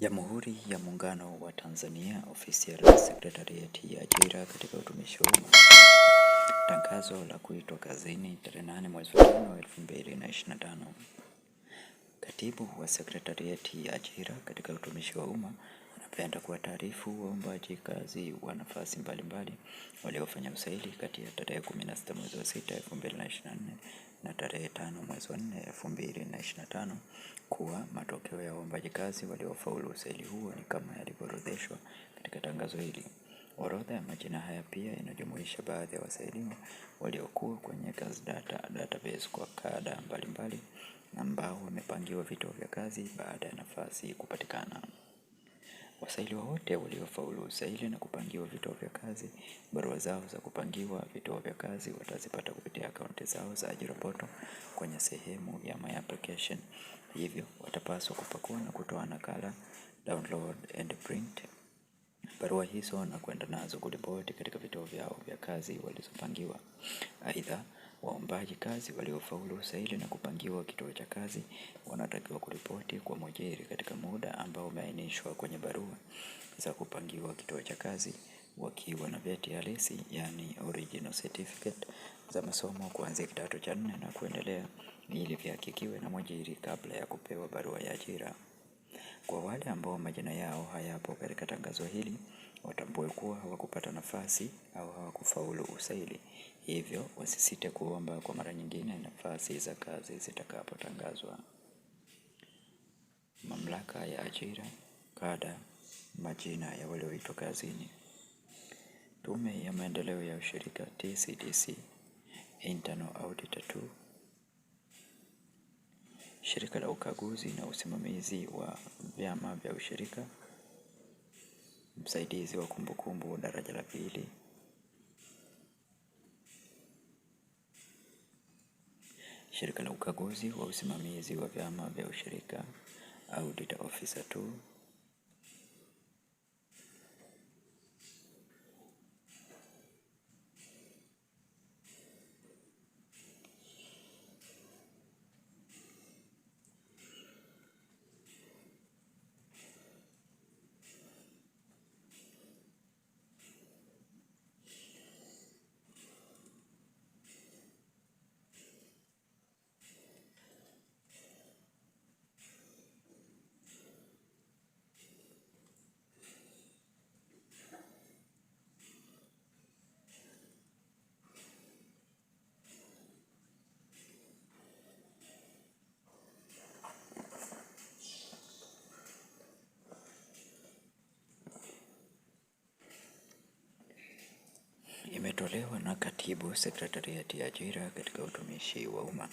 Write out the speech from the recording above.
Jamhuri ya Muungano wa Tanzania, Ofisi ya Rais, Sekretarieti ya Ajira katika Utumishi wa Umma. Tangazo la kuitwa kazini tarehe 8 mwezi wa na 2025. Katibu wa Sekretarieti ya Ajira katika Utumishi wa Umma anapenda kuwataarifu waombaji kazi wa nafasi mbalimbali waliofanya usaili kati ya tarehe 16 mwezi wa 6 2024 na tarehe tano mwezi wa nne elfu mbili na ishirini na tano kuwa matokeo ya waombaji kazi waliofaulu usaili huo ni kama yalivyoorodheshwa katika tangazo hili. Orodha ya majina haya pia inajumuisha baadhi ya wasailiwa waliokuwa kwenye kazi data database kwa kada mbalimbali ambao wamepangiwa vituo vya kazi baada ya nafasi kupatikana. Wasaili wote waliofaulu usaili na kupangiwa vituo vya kazi, barua zao za kupangiwa vituo vya kazi watazipata kupitia akaunti zao za ajira portal kwenye sehemu ya my application. Hivyo watapaswa kupakua na kutoa nakala, download and print barua hizo na kwenda nazo kuripoti katika vituo vyao vya kazi walizopangiwa. Aidha, Waombaji kazi waliofaulu usaili na kupangiwa kituo cha kazi wanatakiwa kuripoti kwa mwajiri katika muda ambao umeainishwa kwenye barua za kupangiwa kituo cha kazi wakiwa na vyeti halisi yani original certificate za masomo kuanzia kidato cha nne na kuendelea ili vihakikiwe na mwajiri kabla ya kupewa barua ya ajira. Kwa wale ambao majina yao hayapo katika tangazo hili, watambue kuwa hawakupata nafasi au hawakufaulu usaili. Hivyo wasisite kuomba kwa mara nyingine nafasi za kazi zitakapotangazwa. Mamlaka ya ajira, kada, majina ya walioitwa kazini. Tume ya Maendeleo ya Ushirika TCDC, Internal Auditor 2, Shirika la Ukaguzi na Usimamizi wa Vyama vya Ushirika, Msaidizi wa Kumbukumbu daraja la pili. Shirika la Ukaguzi wa Usimamizi wa Vyama vya Ushirika Auditor Officer 2 imetolewa na Katibu Sekretarieti ya Ajira katika Utumishi wa Umma.